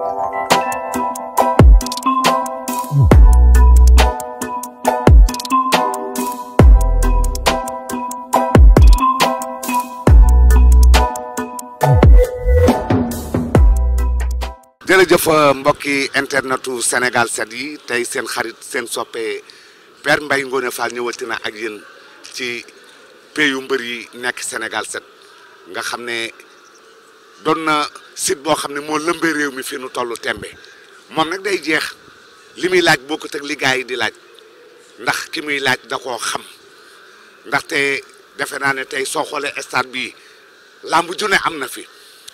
jërëjëf euh, mbokki internetu Sénégal set yi tey seen xarit seen soppe Père Mbaye Ngoné Fall ñëwati na ak yéen ci pays yu mbër yi nekk Sénégal set nga xam ne doon na site boo xam ne moo lëmbee réew mi fii nu tollu tembe moom nag day jeex li muy laaj boo ko teg gaa yi di laaj ndax ki muy laaj da koo xam ndaxte defe naa ne tey soo xoolee stade bi làmb ju ne am na fi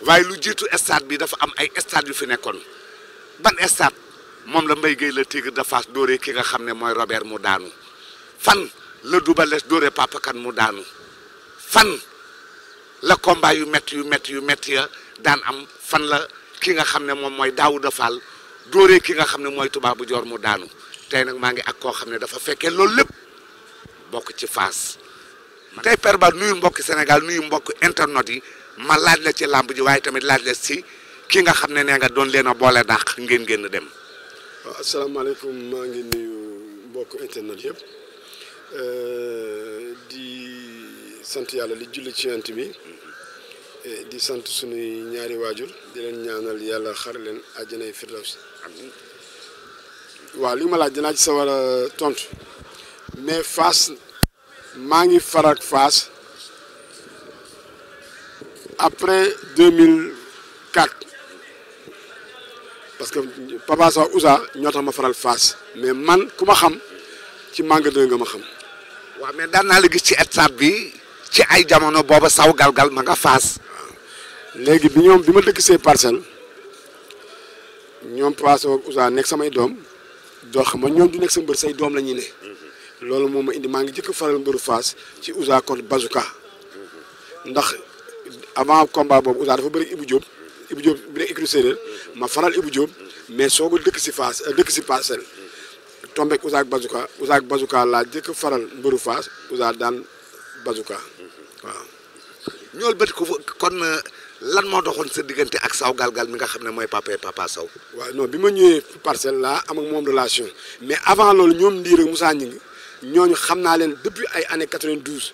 waaye lu jiitu stade bi dafa am ay stade yu fi nekkoon ban stade moom la Mbaye Gueye la Tigre de Fass dóoree ki nga xam ne mooy robeer mu daanu fan la Double Less dóoree Papa mu daanu fan la combat yu métti yu métti yu métti ya daan am fan la ki nga xam ne moom mooy Daouda Fall dóoree ki nga xam ne mooy tubaabu joor mu daanu tey nag maa ngi ak koo xam ne dafa fekkee loolu lépp bokk ci Fass tey Père Ba nuyu mbokk Sénégal nuyu mbokk internet yi ma laaj la ci làmb ji waaye tamit laaj la si ki nga xam ne nee nga doon leen a boole dàq ngeen génn dem. waaw asalaamaaleykum maa ngi nuyu mbokk internet yëpp euh, di sant yàlla li julli ci yant bi. Eh, di sant suñuy ñaari waajur di leen ñaanal yàlla xar leen àjjanay firdaws waaw li ma laaj dinaa ci sa war tontu mais Fass maa ngi farak Fass après 2004 parce que Papa Sow Ousa ñoo tax ma faral Fass mais man ku ma xam ci Manga 2 nga ma xam. waaw mais daan naa la ci stade bi ci ay jamono booba saw galgal ma nga Fass. léegi bi ñoom bi ma dëkk see parcelle ñoom Paso ak Ousa nekk samay doom dox xam ma ñoom du nekk sa mbër say doom la ñuy ne loolu moom ma indi maa ngi jëkk faral mbëru fas ci Ousa contre Bazouka ndax avant combat boobu Ousa dafa bëri Ibou Diop Ibou Diop bi nekk écurie ma faral Ibou Diop mais soo ko dëkk si Fass euh, dëkk si parcelle tombe ak Ousa ak Bazouka laa jëkk faral mbëru Fass Ousa daan Bazouka waaw. ñool bët ko kon. Euh, lan moo doxoon sa diggante ak saw galgal mi nga xam ne mooy papa papa saw waaw non bi ma ñëwee parcelle laa am ak moom relation mais avant loolu ñoom ndiir ak Moussa Gningue ñooñu xam naa leen depuis ay années 92.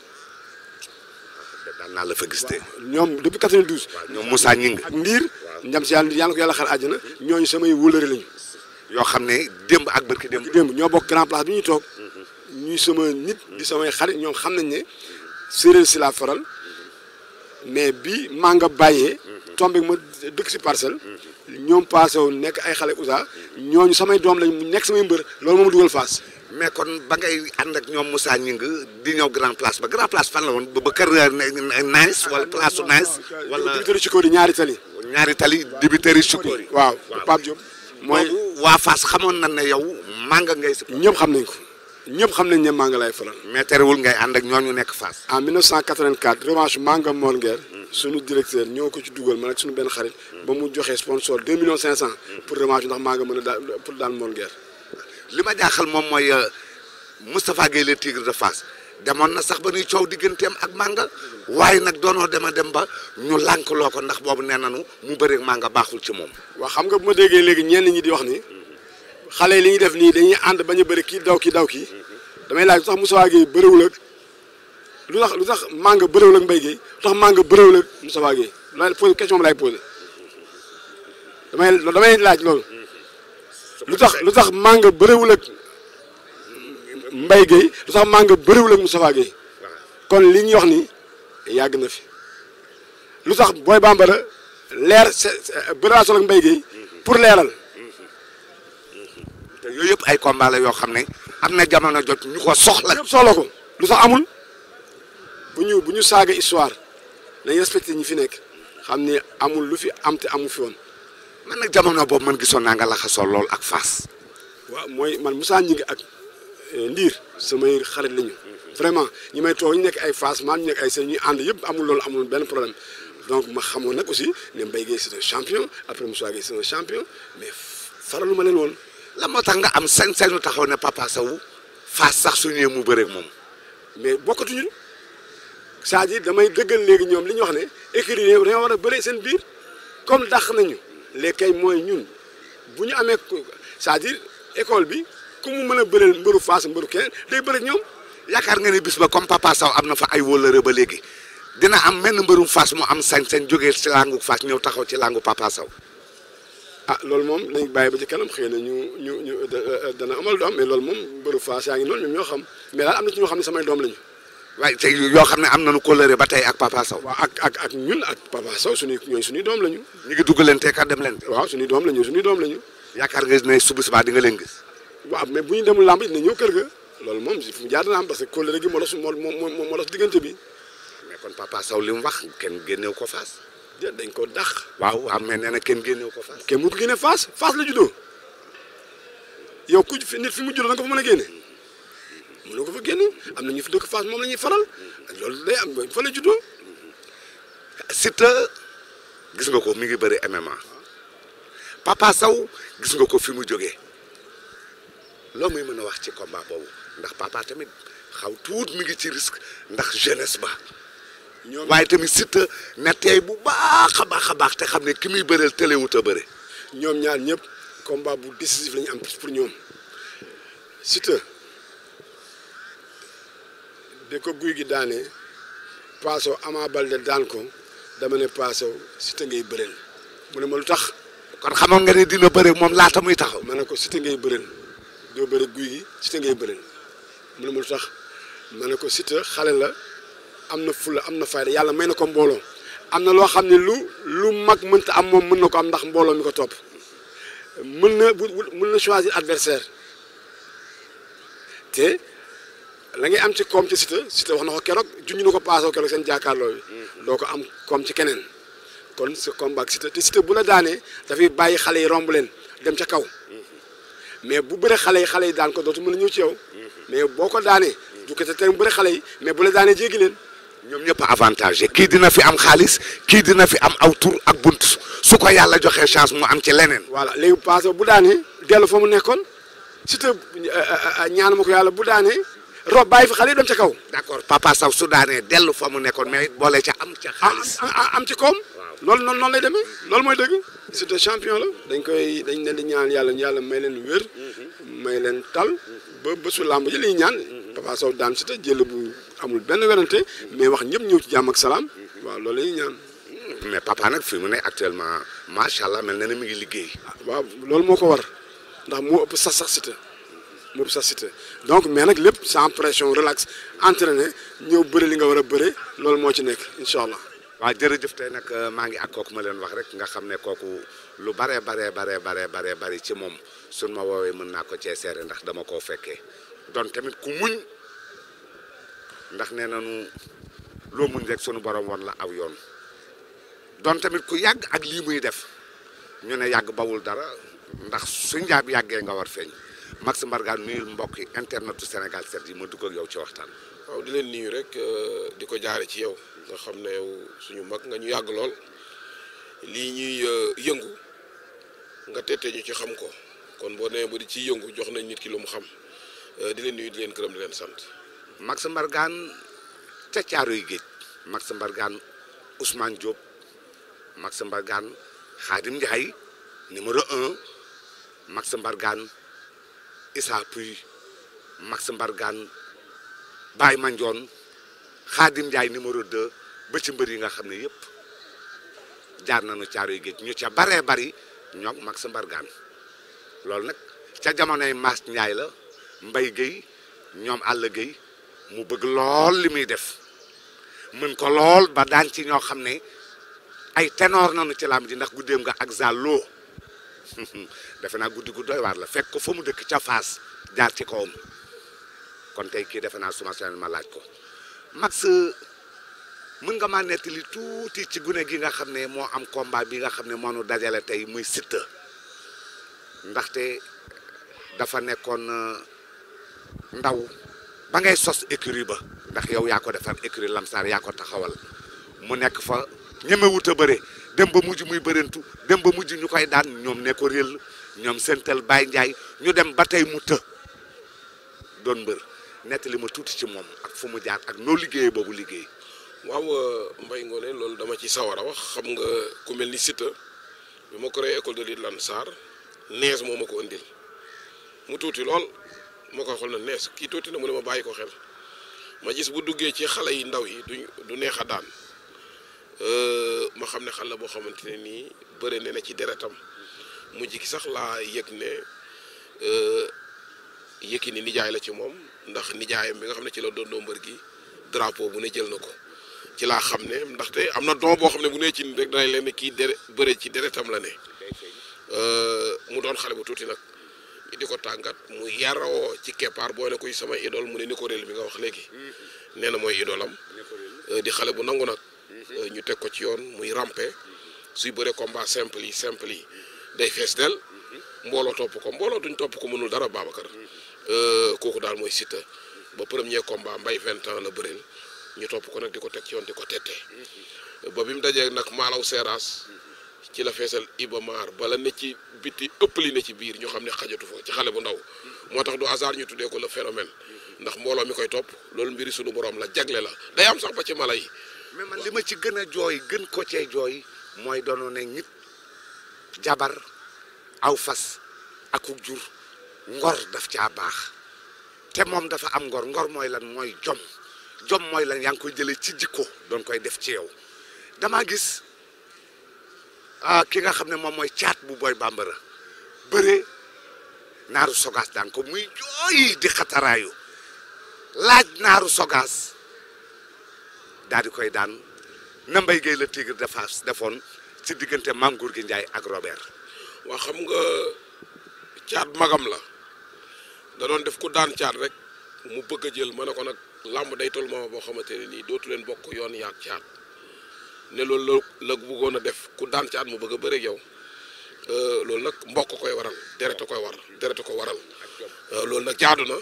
daan naa la fa gis ñoom depuis 92. waaw ñoom Moussa Gningue ak ndiir ndam si yàlla yàlla ko yàlla xar àjjana ñooñu samay wóllëre lañu. yoo xam ne démb ak barki démb. démb ñoo bokk grand place bi ñuy toog. Mhm. ñuy sama nit. di mhm. samay xarit ñoom xam nañ ne séeréer si laa foral mais bi maa nga bàyyee tombé ma dëkk si parcelle ñoom passé wu nekk ay xale usa ñooñu samay doom lañ mu nekk samay mbër loolu moom dugal Fass mais kon ba ngay ànd ak ñoom Moussa Gningue di ñëw grand place ba grand place fan la woon ba kër euh, na Nice wala place su Nice. wala dibiteri Chikori ñaari tali. ñaari tali dibiteri Chikori. waaw Pape Diop. mooy waa Fass xamoon na ne yow mànga ngay. ñëpp xam nañ ko. ñëpp xam nañ ne Manga lay faral. mais terewul ngay ànd ak ñooñu nekk Fass. en 1984 revanche Manga Mor Nguer. Mm. suñu directeur ñoo ko ci dugal man ak suñu benn xarit. Mm. ba mu joxee sponsor 2 millions 500. Mm. pour revanche ndax Manga mën a daal pour daan Mor li ma jaaxal moom mooy euh, Moustapha Gueye le tigre de Fass demoon na sax ba ñuy coow digganteem ak Manga waaye nag doonoo dema dem ba ñu lànk loo ko ndax boobu nee nañu mu bëreeg Manga baaxul ci moom. waaw xam nga bu ma déggee léegi ñenn ñi di wax ni. xale yi li ñuy def nii dañuy ànd bañu a bëri kii daw kii daw kii damay laaj lu tax Moussa Gueye bëriwul ak lu tax lu tax Manga bëriwul ak Mbaye Gueye lu tax Manga bëriwul ak Moussa Gueye laaj loolu lu tax lu tax Manga bëriwul ak Mbaye Gueye lu tax Manga bëriwul ak kon li ñuy wax nii yàgg na fi lu tax Boy Bambara leer sa bëriwaat solo ak Mbaye leeral. te yooyu yëpp ay combat yoo xam ne am na jamono jot ñu ko soxla. ñëpp soxla ko lu sax amul bu ñu bu ñu saaga histoire nañ respecté ñi fi nekk xam ne amul lu fi am te amu fi woon. man nag jamono boobu man gisoon naa nga laxasoo lool ak Fass. waaw mooy man Moussa Gningue ak euh, Ndiir samay xarit la ñu. vraiment ñi may toog ñu nekk ay Fass man ñu nekk ay seen ñuy ànd yëpp amul loolu amul benn problème donc ma xamoo nag aussi ne Mbaye Guèye si de champion après Moussa Guèye c'est un champion mais faralu ma leen woon. la moo tax nga am sañ-sañu taxaw ne Papa Sow faas sax su ñëwee mu bëreeg moom mais bokkatuñu c'est-à-dire damay dëggal léegi ñoom li ñu wax ne écurie yi war a bëree seen biir comme dàq nañu léegi kay mooy ñun bu ñu amee cest à école bi ku mu mën a bëreel mbëru faas mbëru keneen day bëreeg ñoom yaakaar nga ne bis ba comme Papa am na fa ay wóllëre ba léegi dina am menn mbërum faas mu am sañ-sañ jógee ci langu faas ñëw taxaw ci langu Papa Sow. ah loolu moom nañ bàyyi ba ci kanam xëy na ñu ñu ñu euh, euh, euh, dana amal doom mais loolu moom mbëru Fass yaa ngi noonu ñoom ñoo xam mais daal am na ci ñoo xam ne samay doom lañu. waaye te yoo xam ne am nañu kóllëre ba tey ak Papa Sow. waaw ak ak ak ñu ngi duggalante kat dem leen. waaw suñuy leen ñu demul làmb dina ñëw kër ga loolu moom fu moo los moo moo moo los diggante bi mais kon Papa Sow li mu wax kenn génneew ko Fass dañ ko dax waaw waaw mais nee na kenn génnewu ko faas kenn mu ko génne faas faas la juddoo yow ku fi nit fi mu juddoo da nga ko fa mën a génne mënoo ko fa génne am na ñu fi dëkk faas moom la ñuy faral loolu day am fa la juddoo Siteu gis nga ko mi ngi bëri MMA Papa Sow gis nga ko fi mu jógee loo muy mën a wax ci combat boobu ndax papa tamit xaw tuut mi ngi ci risque ndax jeunesse ba waaye tamit Siteu na teey bu baax a baax a baax te xam ne ki muy bëreel tëlewut a bëre. ñoom ñaar ñëpp combat bu décisif la am pour ñoom Siteu de ko guy gi daane Paaso Ama Balde daan ko dama ne Paaso Siteu ngay bëreel mu ne ma lu tax. kon xamoon nga ne dina bëre moom laata muy taxaw. ma ne ko Siteu ngay bëreel doo bëre guy gi Siteu ngay bëreel mu ne ma lu tax ma ne ko Siteu xale la. am na fulla am na fayda yàlla may na ko mbooloo am na loo xam ne lu lu mag mënta am moom mën na ko am ndax mbooloo mi ko topp mën na mën na choisir adversaire te la ngay am ci koom ci Siteu Siteu wax na ko keroog junj na ko paasoo keroog seen jàkkaarloo bi mm-hmm. doo ko am koom ci keneen kon sa combat ak Siteu te Siteu bu la daanee dafay bàyyi xale yi romb leen dem ca kaw mm-hmm. mais bu bëre xale yi xale yi daan ko dootu mën a ñëw ci yow mm-hmm. mais boo ko daanee du ko te tey mu bëre xale yi mais bu la daanee jéggi leen ñoom ñëpp avantage kii dina fi am xaalis kii dina fi am aw tur ak bunt su ko yàlla joxee chance mu am ci leneen. voilà léegi passé bu daanee dellu fa mu nekkoon surtout euh, euh, ñaan ma ko yàlla bu daanee rob bàyyi fi xale yi dem ca kaw. d' accord papa saw su daanee dellu fa mu nekkoon mais boole ca am ca xaalis. Ah, ah, ah, am ci koom. loolu noonu noonu lay demee loolu mooy dëgg. Siteu champion la dañ koy dañ leen di ñaan yàlla yàlla may leen wér. Mhm. may leen tal. ba su làmb ji li ñaan. Mhm. Papa Sow daan Siteu jël bu amul benn werante mais wax ñëpp ñëw ci jàmm ak salaam waaw loolu la ñuy mais papa nag fii mu ne actuellement macha allah mel na ne mi ngi liggéey. waaw loolu moo ko war ndax moo ëpp sax sax Siteu moo donc mais nag lépp sans pression relax entraîné ñëw bëri li nga war a bëre loolu moo ci nekk incha allah. waa jërëjëf tey nag euh, maa ngi ak kooku ma leen wax rek nga xam ne kooku lu baree baree baree baree baree bari ci moom suñ ma woowee mën naa ko cee seere ndax dama koo fekkee ndax nee nañu loo mun rek sunu borom war la aw yoon doon tamit ku yàgg ak lii muy def ñu ne yàgg bawul dara ndax su njaab yàggee nga war feeñ Max Mbargane nuyul mbokk yi internetu senegal set yi ma dugg ak yow ci waxtaan. waaw di leen nuyu rek euh, di ko jaare ci yow nga xam ne yow suñu mag nga ñu yàgg lool lii ñuy euh, yëngu nga tette ñu ci xam ko kon boo nee ba di ciy yëngu jox nañ nit ki lu mu xam euh, di leen nuyu di leen këram di leen sant. Max Mbargane ca Caaroy Géej Max Mbargane Ousmane Diop Max Mbargane Xaadim Ndiaye numéro un Max Mbargane Issa Puy Max Mbargane Baye Mandione Xaadim Ndiaye numéro deux ba ci mbër yi nga xam ne yëpp jaar nañu Caaroy Géej ñu ca baree bari ñoom Max Mbargane loolu nag ca jamonoy Mass Ndiaye la Mbaye Guèye ñoom Alla Guèye mu bëgg lool li muy def mën ko lool ba daan ci ñoo xam ne ay ténor nanu ci lam ji ndax guddeem nga ak zàlloo defe naa guddi gu waar la fekk ko fa mu dëkk ca faas jaar ci kawam kon tey kii defe naa suma seen ma laaj ko max mën nga maa nettali tuuti ci gune gi nga xam ne moo am combat bi nga xam ne moo nu dajale tey muy Siteu ndaxte dafa nekkoon uh, ndaw ba ngay sos écurie ba ndax yow yaa ko defar écurie lamsaar yaa ko taxawal mu nekk fa ñeme a bëre dem ba mujj muy bërintu dem ba mujj ñu koy daan ñoom ne ko réel ñoom seenteel baay Ndiaye ñu dem ba tey mu të doon mbër nettali ma tuuti ci moom ak fu mu jaar ak noo liggéeyee boobu liggéey. waaw euh, mbay Ngoné loolu dama ci sawar a wax xam nga ku mel ni Siteu bi ma créé école de lutte Lansar nees moo ma ko indil mu tuuti lool. moo ko xool na nees kii tuuti na mu ne ma bàyyi ko xel ma gis bu duggee ci xale yi ndaw yi du du neex a daan euh, ma xam ne xale boo xamante ne nii bëre ne na ci deretam mujj gi sax laa yëg ne euh, Yékini nijaay la ci moom ndax nijaayam bi nga xam ne ci la doon doo mbër gi drapeau bu ne jël na ko ci laa xam ne ndaxte am na don boo xam ne bu ne ci nii rek danañ leen ne kii dere bëre ci deretam la ne euh, mu doon xale bu tuuti nag. di ko tàngat mu yaroo ci keppaar boole ko sama idole mu ne ni ko réel bi nga wax léegi mm-hmm. nee na mooy idolam euh, di xale bu nangu nag mm-hmm. euh, ñu teg ko ci yoon muy rampe suy bëree combat simple yi simple yi day fees del mm-hmm. mbooloo topp ko mbooloo duñ topp ko mënul dara Babacar euh, kooku daal mooy Siteu ba premier combat mbay vingt ans la bëreel ñu topp ko nag di ko teg ci yoon di ko tette ba bi mu dajee nag maalaw seeraas ci la feesal Iba Mar bala ne ci biti ëpp li ne ci biir ñoo xam ne xajatu fa ci xale bu ndaw moo tax du hasard ñu tuddee ko la phénomène ndax mbooloo mi koy topp loolu mbiri sunu borom la jagle la day am sax ba ci malay yi. mais man li ma ci gën a jooy gën ko cee jooy mooy doon ne nit jabar aw fas akuk jur ngor daf caa baax te moom dafa am ngor ngor mooy lan mooy jom jom mooy lan yaa ngi koy jëlee ci jikko doon koy def ci yow damaa gis. Ah, ki nga xam ne moom mooy caat bu booy bambara bëre naaru sogaas daan ko muy jooy di xataraayu laaj naaru sogaas daal koy daan na mbay géey la tigre dafa defoon ci diggante maam góor gi njaay ak Robert. waa xam nga caat magam la da doon def ku daan caat rek mu bëgg a jël ma ne ko nag làmb day tol ma boo xamante ne nii dootu leen bokk yoon yaag caat ne loolu la la bëggoon a def ku daan ci at mu bëgg a bëreeg yow euh, loolu nag mbokk koy waral deret koy war deret ko waral euh, loolu nag jaadu na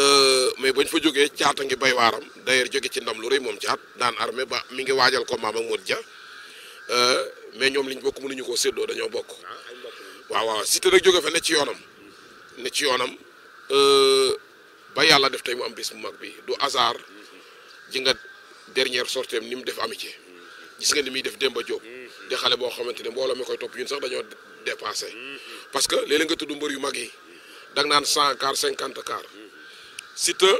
euh, mais bañ fa jógee caata ngi bay waaram d'ailleurs jóge ci ndam lu rëy moom caat daan armé ba mi ngi waajal ko maam ak Modou Dia mais ñoom liñ bokk mënuñu koo séddoo dañoo bokk waaw waaw Siteu nag jóge fa ne ci yoonam ci yoonam ba yàlla def tey am bis bu mag bi du hasard ji nga dernière sortie ni mu def amitié. gis nga ni muy def Demba Diop xale boo xamante ne mbooloo mi koy topp ñun sax dañoo dépassé parce que léeg nga tudd mbër yu mag yi da nga naan cent car cinquante car Siteu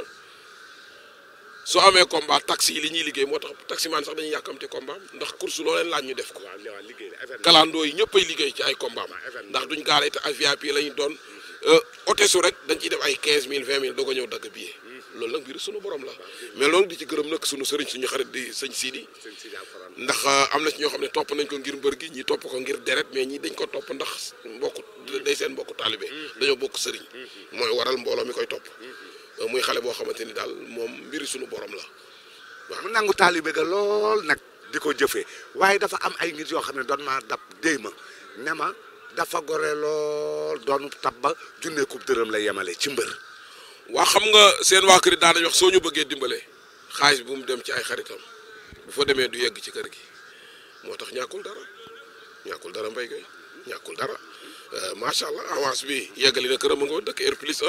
su amee combat taxi yi li ñuy liggéey moo tax taximaan sax dañuy yàkkamti combat ndax course loo laaj ñu def ko kalandoo yi ñëpp ay liggéey ci ay combat ndax duñ gaaree te VIP doon Euh, otesu rek dañ ciy def ay quinze mille vingt mille doo ko ñëw dagg billet loolu nag mbir sunu borom la mais loolu di ci gërëm nag sunu sëriñ suñu xarit di sëñ Sidi ndax euh, am na ci ñoo xam ne topp nañ ko ngir mbër gi ñi topp ko ngir deret mais ñi dañ ko topp ndax mbokku day seen mbokku taalibe mm-hmm. dañoo bokk sëriñ mm-hmm. mooy waral mbooloo mi koy topp mm-hmm. euh, muy xale boo xamante ni daal moom mbiri sunu borom la waa mu nangu taalibe ga lool nag di ko jëfee waaye dafa am ay nit yoo xam ne doon maa dab déy ma ne dafa gore lool doon ba junne kub dërëm la yemale ci mbër. waa xam nga seen waa kër daanañ wax soo ñu bëggee dimbale xaalis bu mu dem ci ay xaritam bu foo demee du yegg ci kër gi moo tax ñàkkul dara ñàkkul dara mbay kay ñàkkul dara euh, macha allah avance bi yeggali na këram a nga woon dëkk air plus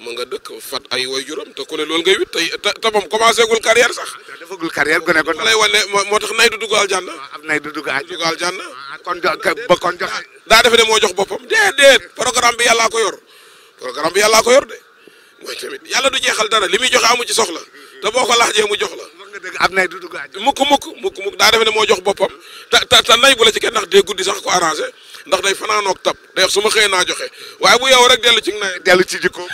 ma nga dëkk fat ay way juróom te ku ne loolu ngay wit tey te moom commencé gul carrière sax. Ah, defagul carrière moo tax nay du dugg aljanna. am ah, nay du dugg aljanna. Ah, kon ba kon jox. daa defe ne moo jox boppam déedéet programme bi yàllaa ko yor programme bi yàllaa ko yor de mooy yàlla du jeexal dara li muy joxe amu ci soxla te boo ko laajee mu jox la. am nay du dugg aljanna mukk mukk mukk mukk daa defe ne moo jox boppam ta te nay bu la ci kenn ndax dee guddi sax ko arrangé. ndax day fanaanook tab day wax su ma xëyee naa joxe waaye bu yow rek dellu ci na dellu ci jikko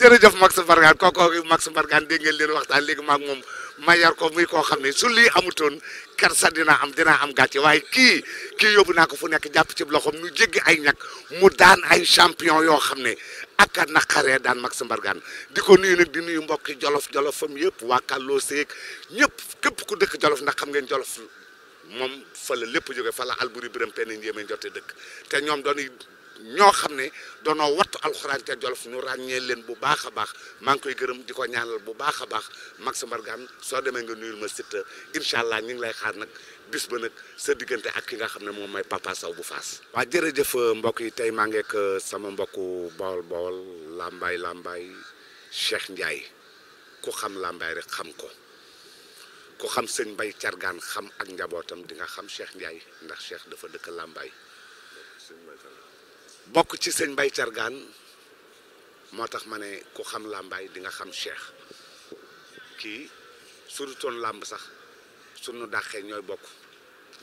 jërëjëf Max Mbargane kooku Max Mbargane dégg ngeen leen waxtaan léegi maag moom ma yar ko muy koo xam ne su lii amutoon kersa dinaa am dinaa am gàcce waaye kii kii yóbbu naa ko fu nekk jàpp cib loxoom ñu jéggi ay ñag mu daan ay champion yoo xam ne ak a naqaree daan Max Mbargane di ko nuyu nag di nuyu mbokki jolof jolofam yëpp waa Kalloo Seeg ñëpp képp ku dëkk jolof ndax xam ngeen jolof moom fa la lépp jóge fa la Alboury Birame Penda Ndiémé jote dëkk te ñoom doon ñoo xam ne doonoo wattu alxuraan ca jolof ñu ràññee leen bu baax a baax maa ngi koy gërëm di ko ñaanal bu baax a baax Max Mbargane soo demee nga nuyul ma Siteu incha allah ñu ngi lay xaar nag bis ba nag sa diggante ak ki nga xam ne moom mooy Papa Sow bu Faas. waa jërëjëf euh, mbokk yi tey maa ngi euh, sama mbokku Bawol Bawol Lambaay Lambaay Cheikh Ndiaye ku xam Lambaay rek xam ko. ku xam sëñ Mbay Cargaan xam ak njabootam di nga xam Cheikh Ndiaye ndax Cheikh dafa dëkk Làmbaay bokk ci sëñ Mbay Cargaan moo tax ma ne ku xam Làmbaay di nga xam Cheikh kii surutoon làmb sax su nu dàqee ñooy bokk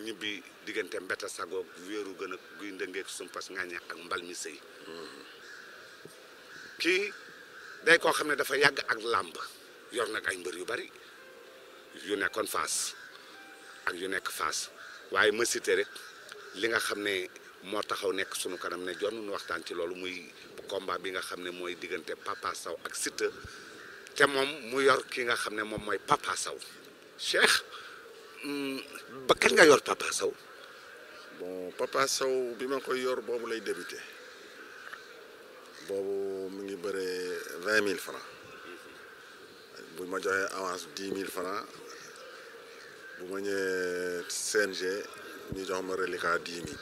ñibbi diggante mbetta sagoog wéeru gën a guy ndëngeeg sumpas ñeex ak mbal mi sëy kii day koo xam ne dafa yàgg ak làmb yor nag ay mbër yu bari yu nekkoon Fass ak yu nekk Fass waaye ma cité rek li nga xam ne moo taxaw nekk sunu kanam ne joon nu waxtaan ci loolu muy combat bi nga xam ne mooy diggante Papa saw ak Siteu te moom mu yor ki nga xam ne moom mooy Papa saw Cheikh mm, ba kañ nga yor Papa Sow bon Papa Sow bi ma koy yor boobu lay débuté boobu mu ngi bëree vingt mille francs bu ma joxee avance dix mille francs bu ma ñëwee CNG ñu jox ma reliquat dix mille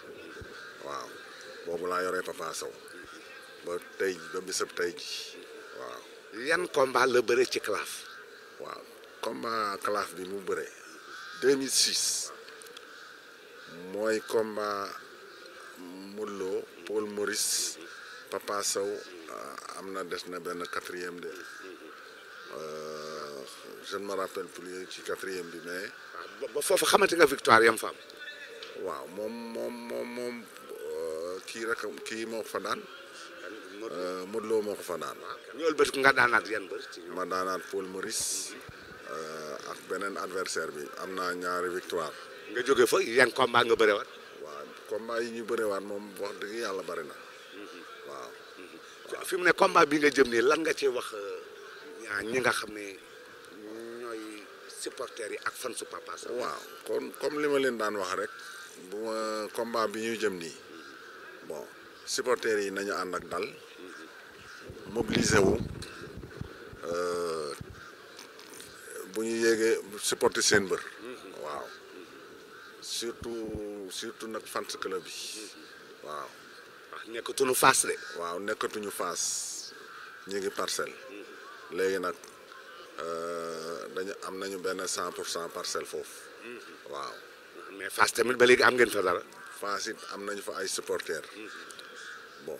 waaw boobu laa yoree Papa Sow ba tey ba bisab tey ji waaw. yan combat la bëre ci CLAF. waaw combat CLAF bi mu bëre mooy combat Modou Paul Maurice Papa Sow ah, am na des na benn quatrième de. Euh, je ne me rappelle plus ci quatrième bi mais. Ah, foofu xamante nga victoire yam fa am. waaw moom moom moom moom euh, kii rek kii moo fa daan. Euh, Modou Lo moo ko fa daan. Ah, ñool bët nga daanaat yan bër. ma daanaat Paul Maurice. Euh, ak beneen adversaire bi am naa ñaari victoire. nga jóge fa yan combat nga bëre waat waaw combat yi ñu bëre waat moom wax dëgg yàlla bari na. Mhm. Mhm. waaw. fi mu ne combat bi nga jëm nii lan nga ci wax ñi nga xam ni supporters yi ak fan su waaw kon comme li ma leen daan wax rek bu ma combat bi ñuy jëm nii bon supporters yi nañu ànd ak dal mobiliser wu euh, bu ñu yéegee supporter seen mbër. waaw surtout surtout nag fans club bi waaw. Ah, nekkatuñu Fass de. waaw nekkatuñu Fass ñu ngi parcelle léegi nag. dañu am nañu benn 100 pour cent parcelle foofu. Mm-hmm. waaw. mais Fass tamit ba léegi am ngeen fa dara. Fass it am nañu fa ay supporters. Mm-hmm. bon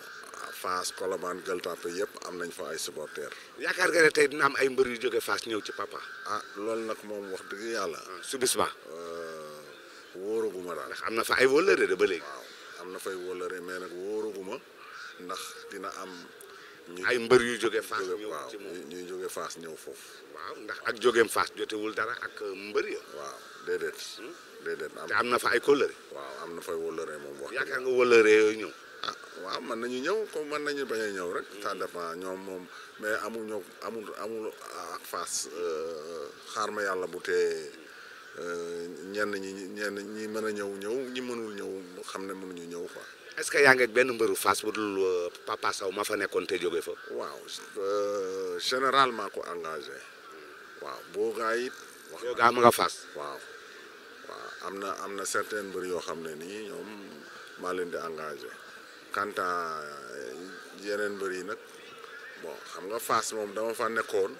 Fass Colobane Gueule Tapée yëpp am nañ fa ay supporters. yaakaar nga ne tey dina am ay mbër yu jóge Fass ñëw ci papa. ah loolu nag moom wax dëgg yàlla. Ah, su bis ba. Euh, wóoruguma daal am na fa ay wóllëre de ba léegi. am na fay wóllëre mais nag wóoruguma ndax dina am. ay mbër yu jóge faas ñëw ci moom ñuy jóge faas ñëw foofu waaw ndax ak jógeem faas jotewul dara ak euh, mbër ya waaw déedéet hmm? déedéet te am na fa ay kóllëre waaw am na fay wóllëre moom wax nga wóllëre yooyu ñëw ah waaw mën nañu ñëw comme mën nañu bañ a ñëw rek hmm. ça dépend ñoom moom mais amul ñoo amul amul ah, ak faas euh, xaar ma yàlla bu tee euh, ñenn ñi ñenn ñi mën a ñëw ñëw ñi mënul ñëw xam ne mënuñu ñëw quoi est-ce que yaa ngi benn mbëru fas bu dul euh, Papa Sow ma fa nekkoon te jóge fa. waaw euh, généralement ko engagé waaw boo gaa it. wax gaa ma nga Fass. waaw am na am na certaines mbër yoo xam ne nii ñoom maa leen di engagé quant euh, yeneen mbër yi nag bon xam nga fas moom dama fa nekkoon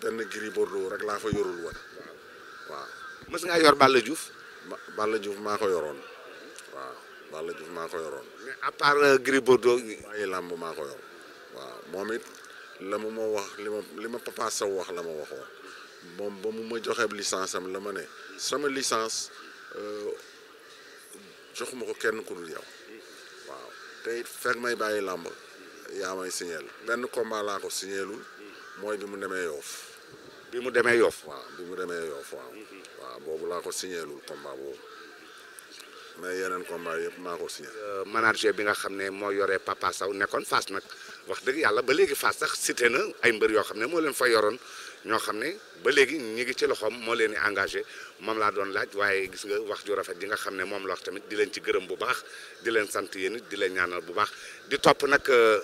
benn Gris Bordeaux rek laa fa yorul woon waaw. mës ngaa yor Balla Diouf. Balla Diouf maa ko yoroon. Balla Diouf maa ko yoroon. mais à part euh, Gris Bordeaux. bàyyi làmb maa ko yor waaw moom it la mu ma wax li ma li ma Papa wax la ma waxoon moom ba mu ma joxee licence am la ma ne sama licence euh, joxuma ko kenn ku dul yow waaw te fekk may bàyyi làmb yaa may signal benn combat laa ko signalul mooy bi mu demee yoof bi mu demee yoof waaw bi mu demee mm-hmm. boobu laa ko signalul combat boobu mais yeneen combat yëpp maa ko signé. Euh, manager bi nga xam ne moo yore Papa Sow nekkoon Fass nag wax dëgg yàlla ba léegi Fass sax cité na ay mbër yoo xam ne moo leen fa yoroon ñoo xam ne ba léegi ñu ngi ci loxoom moo leen di engagé moom laa doon laaj waaye gis nga wax ju rafet yi nga xam ne moom la wax tamit di leen ci gërëm bu baax di leen sant yéen di leen ñaanal bu baax di topp nag euh,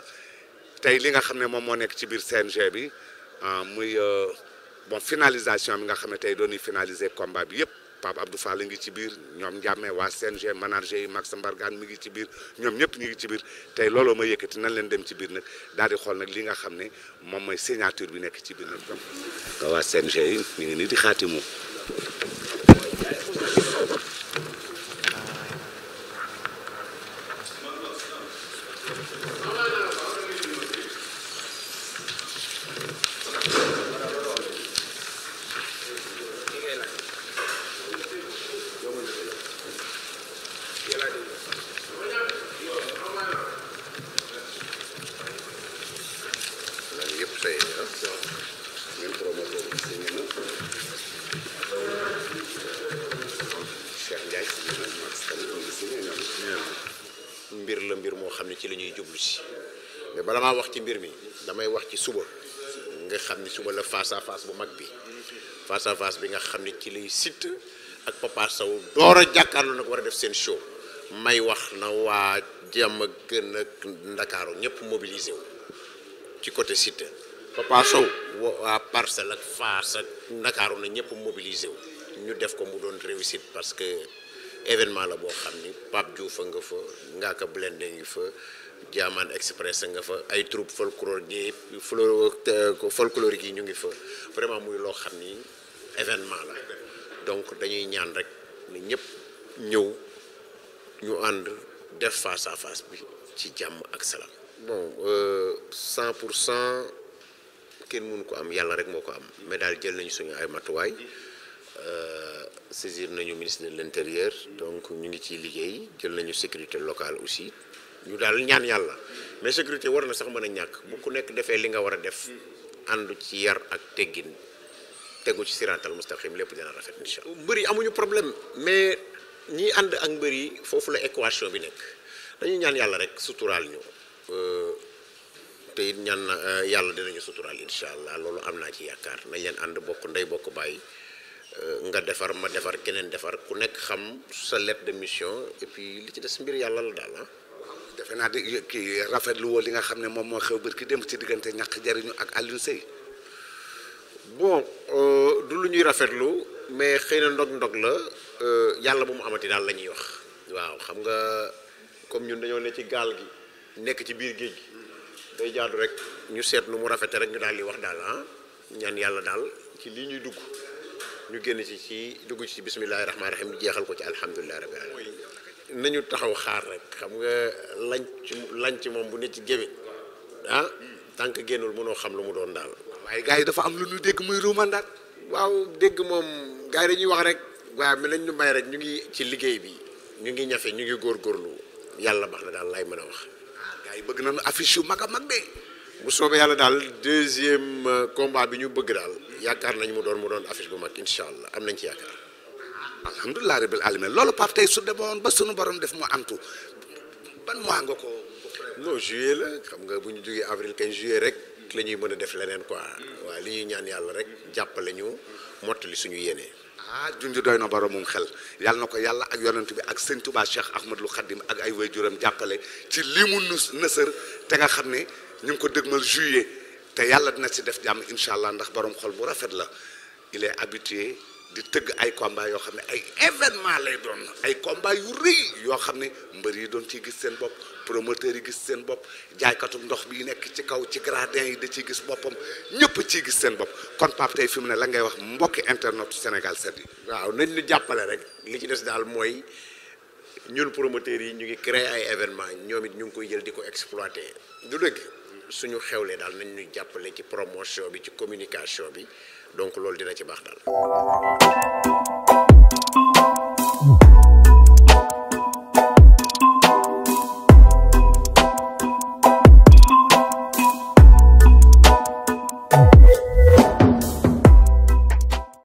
tey li nga xam ne moom moo nekk ci biir CNG bi euh, muy bon finalisation bi nga xam ne tey doon finaliser combat bi yëpp. Pape Abdou Fall ngi ci biir ñoom njàmmee waa CNG manager yi Max Mbargane mi ngi ci biir ñoom ñëpp ñu ngi ci biir tey looloo ma yëkkati nan leen dem ci biir nag daal di xool nag li nga xam ne moom mooy signature bi nekk ci biir nag donc waa CNG yi ñu ngi nii di xaati xaatimu jublu si mais bala maa wax ci mbir mi damay wax ci suba nga xam ni suba la face à bu mag bi face à bi nga xam ni ci lay Siteu ak Papa saw door a jàkkaarloo nag war a def seen show may wax na waa jàmm gën a ndakaaru ñëpp mobilisé wu ci côté Siteu Papa Sow waa Parcelles ak Fass ak ndakaaru na ñëpp mobilisé wu ñu def ko mu doon réussite parce que événement la boo xam ni Pape Diouf a nga fa Ngaaka Blindé ngi fa Diamane Express nga fa ay troupe folklorique yi folklorique yi ñu ngi fa vraiment muy loo xam ni événement la donc dañuy ñaan rek ni ñëpp ñëw ñu ànd def face à bi ci jàmm ak salaam. bon euh, cent pour cent kenn mënu ko am yàlla rek moo ko am mais jël nañu suñu ay matuwaay euh, saisir nañu ministre de l'intérieur donc ñu ngi ciy liggéey jël nañu sécurité locale aussi. ñu daal ñaan yàlla mais sécurité war na sax mën a ñàkk bu ku nekk defee li nga war a def àndu ci yar ak teggin tegu ci siraatal mustaqim lépp dina rafet incha allah mbër yi amuñu problème mais ñiy ànd ak mbër yi foofu la équation bi nekk dañuy ñaan yàlla rek suturaal ñu euh, te it ñaan euh, yàlla dinañu suturaal incha allah loolu am naa ci yaakaar nañ leen ànd bokk ndey bokk bàyyi euh, nga defar ma defar keneen defar ku nekk xam sa lettre de mission et puis li ci des mbir yàlla la daal ah. defe naa di kii rafetlu woo li nga xam ne moom moo xew bër ki dem ci diggante ñax jariñu ak Alioune Seye bon euh, du lu ñuy rafetlu mais xëy na ndog-ndog la euh, yàlla bu mu amati daal la ñuy wax waaw xam nga comme ñun dañoo ne ci gaal gi nekk ci biir géej gi day jaadu rek ñu seet nu mu rafete rek ñu daal di wax daal ah ñaan yàlla daal ci lii ñuy dugg ñu génn ci ci dugg ci bismillahi rahmaani rahim ñu jeexal ko ci alhamdulillahi rabbil alamin nañu taxaw xaar rek xam nga lañ ci lañ ci moom bu ne ci gémmiñ ah tànk génnul mënoo xam lu mu doon daal. waaye gars yi dafa am lu ñu dégg muy ruumandaat waaw dégg moom gars yi dañuy wax rek waaw mi lañ ñu may rek ñu ngi ci liggéey bi ñu ngi ñafe ñu ngi góor góorgóorlu yàlla baax na daal laay mën a wax. gars yi bëgg na nañu affiche yu mag a mag de. bu soobee yàlla daal deuxième euh, combat bi ñu bëgg daal yaakaar nañ mu doon mu doon affiche bu mag incha allah am nañ ci yaakaar. alhamdulilah rabbil alamin loolu Pape tey su demoon ba sunu borom def mu antu ban mois nga ko. non juillet la xam nga bu ñu jógee avril kay juillet rek la ñuy mën a def leneen quoi waaw li ñuy ñaan yàlla rek jàppale ñu mottali suñu yéene. ah junj doy na boromum xel yàlla na ko yàlla ak yonent bi ak sëñ Touba Cheikh lu Khadim ak ay waajuram jàppale ci li mu nësër te nga xam ne ñu ngi ko dëgmal juillet te yàlla dina si def jàmm incha allah ndax borom xol bu rafet la. il est habitué di tëgg ay combat yoo xam ne ay événement lay doon na ay combat yu rëy yoo xam ne mbër yi doon ciy gis seen bopp promoteur yi gis seen bopp jaaykatum ndox bi nekk ci kaw ci gradin yi da ci gis boppam ñëpp ciy gis seen bopp kon Pape tey mu ne la ngay wax mbokki internet Sénégal set yi waaw nañ ñu jàppale rek li ci des daal mooy ñun promoteurs yi ñu ngi créer ay événement ñoom it ñu ngi koy jël di ko exploité du dëgg suñu xew lee daal nañ ñu jàppale ci promotion bi ci communication bi donc loolu dina ci baax daal.